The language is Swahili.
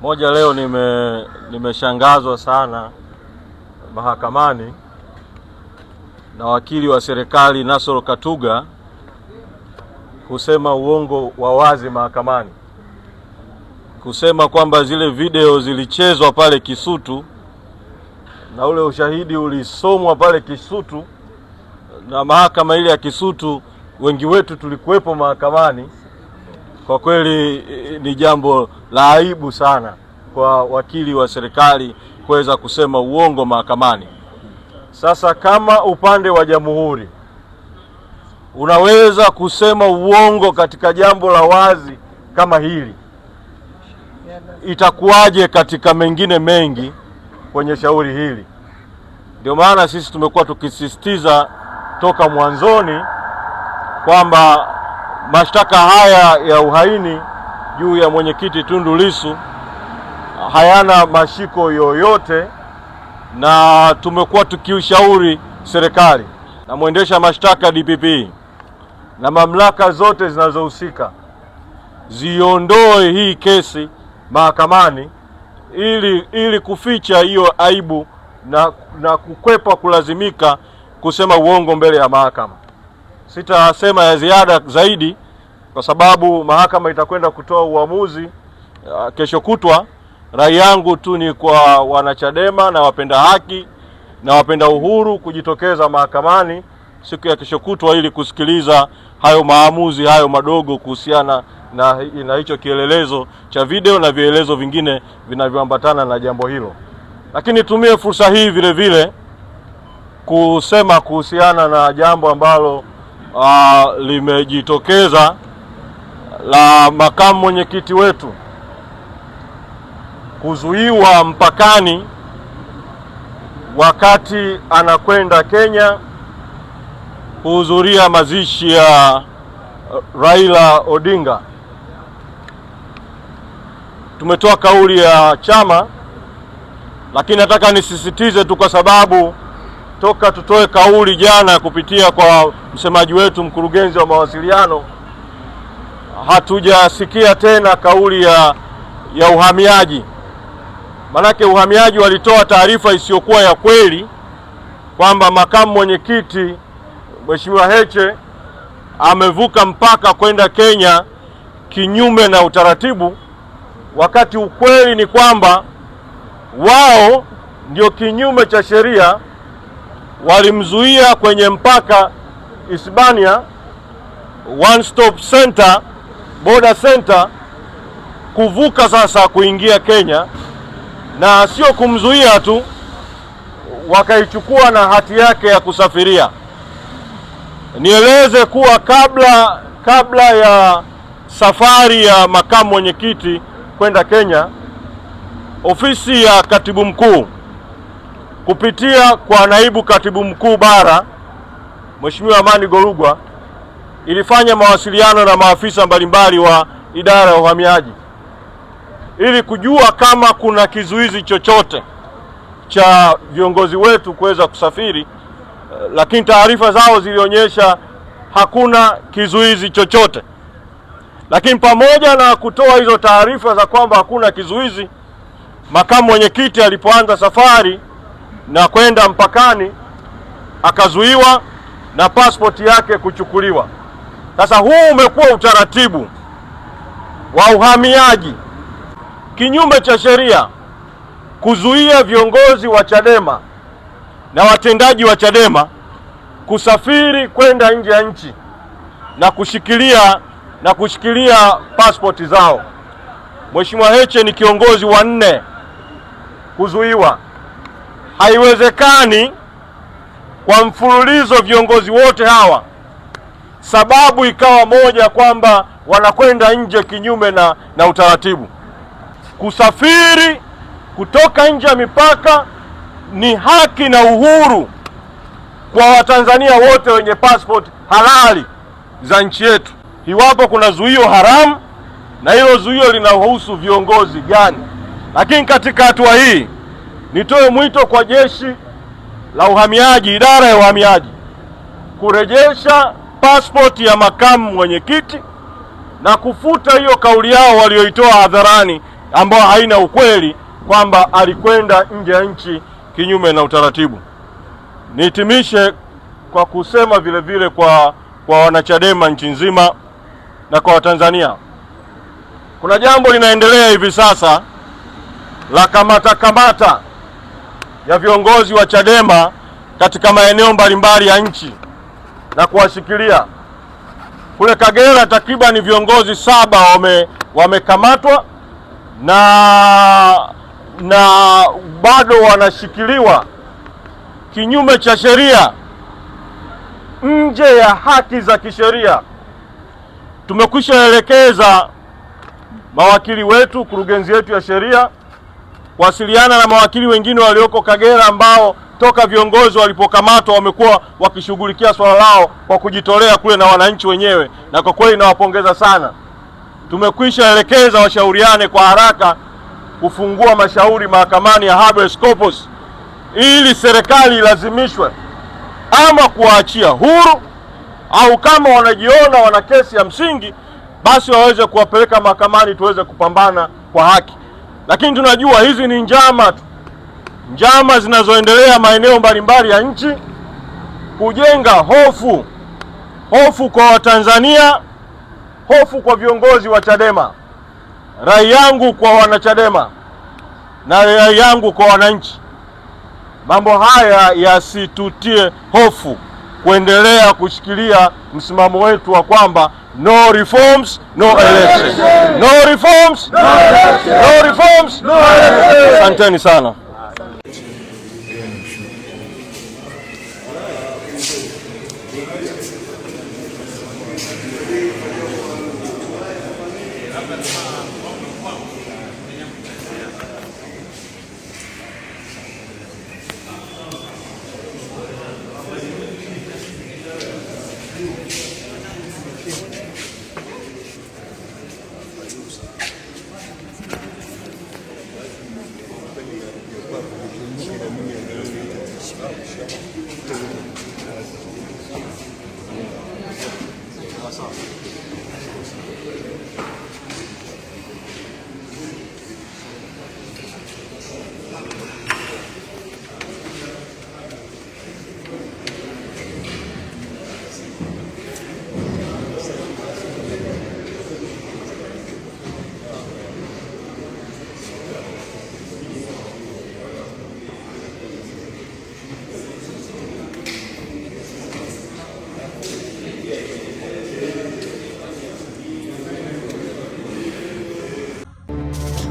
Moja leo nime nimeshangazwa sana mahakamani na wakili wa serikali Nasoro Katuga kusema uongo wa wazi mahakamani, kusema kwamba zile video zilichezwa pale Kisutu na ule ushahidi ulisomwa pale Kisutu na mahakama ile ya Kisutu. Wengi wetu tulikuwepo mahakamani kwa kweli eh, ni jambo la aibu sana kwa wakili wa serikali kuweza kusema uongo mahakamani. Sasa kama upande wa jamhuri unaweza kusema uongo katika jambo la wazi kama hili, itakuwaje katika mengine mengi kwenye shauri hili? Ndio maana sisi tumekuwa tukisisitiza toka mwanzoni kwamba mashtaka haya ya uhaini juu ya mwenyekiti Tundu Lissu hayana mashiko yoyote, na tumekuwa tukiushauri serikali na mwendesha mashtaka DPP na mamlaka zote zinazohusika ziondoe hii kesi mahakamani ili, ili kuficha hiyo aibu na, na kukwepa kulazimika kusema uongo mbele ya mahakama. Sitasema ya ziada zaidi kwa sababu mahakama itakwenda kutoa uamuzi uh, kesho kutwa. Rai yangu tu ni kwa wanachadema na wapenda haki na wapenda uhuru kujitokeza mahakamani siku ya kesho kutwa ili kusikiliza hayo maamuzi hayo madogo kuhusiana na, na hicho kielelezo cha video na vielelezo vingine vinavyoambatana na jambo hilo. Lakini nitumie fursa hii vile vile kusema kuhusiana na jambo ambalo uh, limejitokeza la makamu mwenyekiti wetu kuzuiwa mpakani wakati anakwenda Kenya kuhudhuria mazishi ya Raila Odinga. Tumetoa kauli ya chama, lakini nataka nisisitize tu kwa sababu toka tutoe kauli jana kupitia kwa msemaji wetu mkurugenzi wa mawasiliano, hatujasikia tena kauli ya, ya uhamiaji. Manake uhamiaji walitoa taarifa isiyokuwa ya kweli kwamba makamu mwenyekiti Mheshimiwa Heche amevuka mpaka kwenda Kenya kinyume na utaratibu, wakati ukweli ni kwamba wao ndio kinyume cha sheria walimzuia kwenye mpaka Hispania one stop center, border center kuvuka sasa kuingia Kenya, na sio kumzuia tu, wakaichukua na hati yake ya kusafiria. Nieleze kuwa kabla kabla ya safari ya makamu mwenyekiti kwenda Kenya, ofisi ya katibu mkuu kupitia kwa naibu katibu mkuu bara Mheshimiwa Amani gorugwa ilifanya mawasiliano na maafisa mbalimbali wa idara ya uhamiaji ili kujua kama kuna kizuizi chochote cha viongozi wetu kuweza kusafiri, eh, lakini taarifa zao zilionyesha hakuna kizuizi chochote. Lakini pamoja na kutoa hizo taarifa za kwamba hakuna kizuizi, makamu mwenyekiti alipoanza safari na kwenda mpakani akazuiwa na pasipoti yake kuchukuliwa. Sasa huu umekuwa utaratibu wa uhamiaji kinyume cha sheria kuzuia viongozi wa Chadema na watendaji wa Chadema kusafiri kwenda nje ya nchi na kushikilia na kushikilia pasipoti zao. Mheshimiwa Heche ni kiongozi wa nne kuzuiwa Haiwezekani kwa mfululizo viongozi wote hawa sababu ikawa moja kwamba wanakwenda nje kinyume na, na utaratibu. Kusafiri kutoka nje ya mipaka ni haki na uhuru kwa Watanzania wote wenye passport halali za nchi yetu. Iwapo kuna zuio haramu, na hilo zuio linahusu viongozi gani? Lakini katika hatua hii Nitoe mwito kwa jeshi la uhamiaji, idara ya uhamiaji kurejesha pasipoti ya makamu mwenyekiti na kufuta hiyo kauli yao walioitoa hadharani ambayo haina ukweli kwamba alikwenda nje ya nchi kinyume na utaratibu. Nihitimishe kwa kusema vile vile kwa, kwa wanachadema nchi nzima na kwa Watanzania, kuna jambo linaendelea hivi sasa la kamata kamata ya viongozi wa Chadema katika maeneo mbalimbali ya nchi na kuwashikilia. Kule Kagera takribani viongozi saba wamekamatwa na, na bado wanashikiliwa kinyume cha sheria, nje ya haki za kisheria. Tumekwishaelekeza mawakili wetu, kurugenzi yetu ya sheria kuwasiliana na mawakili wengine walioko Kagera ambao toka viongozi walipokamatwa wamekuwa wakishughulikia swala lao kwa kujitolea kule na wananchi wenyewe, na kwa kweli nawapongeza sana. Tumekwisha elekeza washauriane kwa haraka kufungua mashauri mahakamani ya habeas corpus ili serikali ilazimishwe ama kuwaachia huru au kama wanajiona wana kesi ya msingi basi waweze kuwapeleka mahakamani tuweze kupambana kwa haki lakini tunajua hizi ni njama tu, njama zinazoendelea maeneo mbalimbali ya nchi kujenga hofu, hofu kwa Watanzania, hofu kwa viongozi wa Chadema. Rai yangu kwa wanachadema na rai yangu kwa wananchi, mambo haya yasitutie hofu kuendelea kushikilia msimamo wetu wa kwamba No reforms, no election. No reforms, no reforms, no election. Asanteni sana.